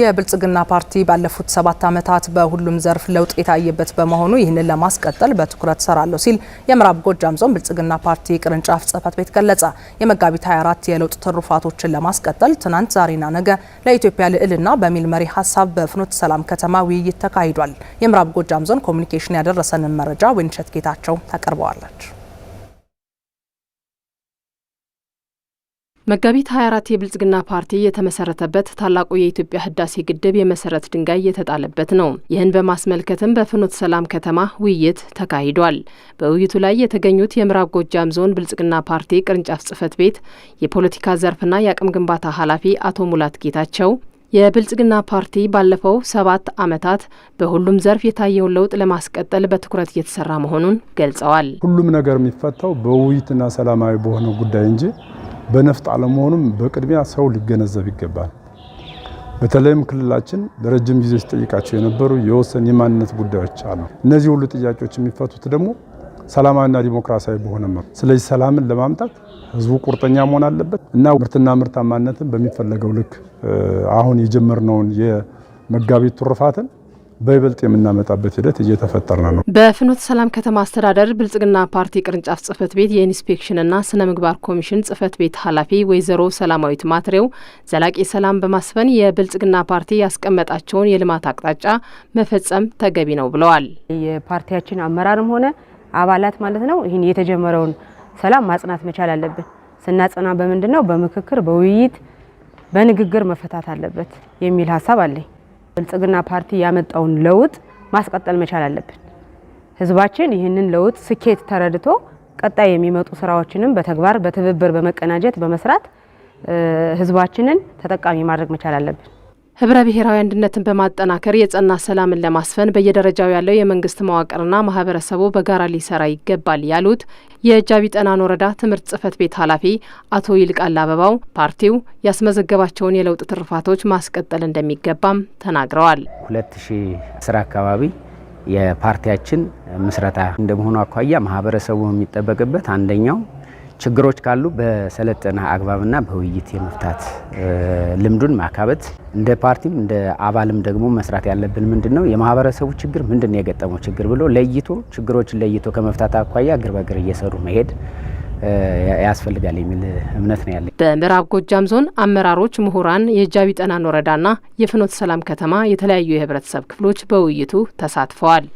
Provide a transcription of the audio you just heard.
የብልጽግና ፓርቲ ባለፉት ሰባት ዓመታት በሁሉም ዘርፍ ለውጥ የታየበት በመሆኑ ይህንን ለማስቀጠል በትኩረት ሰራለሁ ሲል የምዕራብ ጎጃም ዞን ብልጽግና ፓርቲ ቅርንጫፍ ጽህፈት ቤት ገለጸ። የመጋቢት 24 የለውጥ ትሩፋቶችን ለማስቀጠል ትናንት፣ ዛሬና ነገ ለኢትዮጵያ ልዕልና በሚል መሪ ሀሳብ በፍኖት ሰላም ከተማ ውይይት ተካሂዷል። የምዕራብ ጎጃም ዞን ኮሚኒኬሽን ያደረሰንን መረጃ ወይንሸት ጌታቸው ታቀርበዋለች። መጋቢት 24 የብልጽግና ፓርቲ የተመሰረተበት ታላቁ የኢትዮጵያ ህዳሴ ግድብ የመሰረት ድንጋይ የተጣለበት ነው። ይህን በማስመልከትም በፍኖት ሰላም ከተማ ውይይት ተካሂዷል። በውይይቱ ላይ የተገኙት የምዕራብ ጎጃም ዞን ብልጽግና ፓርቲ ቅርንጫፍ ጽህፈት ቤት የፖለቲካ ዘርፍና የአቅም ግንባታ ኃላፊ አቶ ሙላት ጌታቸው የብልጽግና ፓርቲ ባለፈው ሰባት ዓመታት በሁሉም ዘርፍ የታየውን ለውጥ ለማስቀጠል በትኩረት እየተሰራ መሆኑን ገልጸዋል። ሁሉም ነገር የሚፈታው በውይይትና ሰላማዊ በሆነ ጉዳይ እንጂ በነፍጥ አለመሆኑም በቅድሚያ ሰው ሊገነዘብ ይገባል። በተለይም ክልላችን ለረጅም ጊዜ ሲጠይቃቸው የነበሩ የወሰን የማንነት ጉዳዮች አሉ። እነዚህ ሁሉ ጥያቄዎች የሚፈቱት ደግሞ ሰላማዊና ዲሞክራሲያዊ በሆነ መ ስለዚህ ሰላምን ለማምጣት ህዝቡ ቁርጠኛ መሆን አለበት እና ምርትና ምርታማነትን በሚፈለገው ልክ አሁን የጀመርነውን የመጋቢት ትሩፋትን በይበልጥ የምናመጣበት ሂደት እየተፈጠረ ነው። በፍኖተ ሰላም ከተማ አስተዳደር ብልጽግና ፓርቲ ቅርንጫፍ ጽህፈት ቤት የኢንስፔክሽንና ስነ ምግባር ኮሚሽን ጽህፈት ቤት ኃላፊ ወይዘሮ ሰላማዊት ማትሬው ዘላቂ ሰላም በማስፈን የብልጽግና ፓርቲ ያስቀመጣቸውን የልማት አቅጣጫ መፈጸም ተገቢ ነው ብለዋል። የፓርቲያችን አመራርም ሆነ አባላት ማለት ነው ይህን የተጀመረውን ሰላም ማጽናት መቻል አለብን። ስናጽና በምንድን ነው? በምክክር፣ በውይይት፣ በንግግር መፈታት አለበት የሚል ሀሳብ አለኝ። ብልጽግና ፓርቲ ያመጣውን ለውጥ ማስቀጠል መቻል አለብን። ህዝባችን ይህንን ለውጥ ስኬት ተረድቶ ቀጣይ የሚመጡ ስራዎችንም በተግባር በትብብር በመቀናጀት በመስራት ህዝባችንን ተጠቃሚ ማድረግ መቻል አለብን። ህብረ ብሔራዊ አንድነትን በማጠናከር የጸና ሰላምን ለማስፈን በየደረጃው ያለው የመንግስት መዋቅርና ማህበረሰቡ በጋራ ሊሰራ ይገባል ያሉት የእጃቢ ጠናን ወረዳ ትምህርት ጽህፈት ቤት ኃላፊ አቶ ይልቃል አበባው ፓርቲው ያስመዘገባቸውን የለውጥ ትርፋቶች ማስቀጠል እንደሚገባም ተናግረዋል። ሁለት ሺ አስር አካባቢ የፓርቲያችን ምስረታ እንደመሆኑ አኳያ ማህበረሰቡ የሚጠበቅበት አንደኛው ችግሮች ካሉ በሰለጠነ አግባብና በውይይት የመፍታት ልምዱን ማካበት፣ እንደ ፓርቲም እንደ አባልም ደግሞ መስራት ያለብን ምንድን ነው የማህበረሰቡ ችግር ምንድን ነው የገጠመው ችግር ብሎ ለይቶ ችግሮችን ለይቶ ከመፍታት አኳያ እግር በግር እየሰሩ መሄድ ያስፈልጋል የሚል እምነት ነው ያለኝ። በምዕራብ ጎጃም ዞን አመራሮች፣ ምሁራን፣ የእጃቢ ጠናን ወረዳና የፍኖተ ሰላም ከተማ የተለያዩ የህብረተሰብ ክፍሎች በውይይቱ ተሳትፈዋል።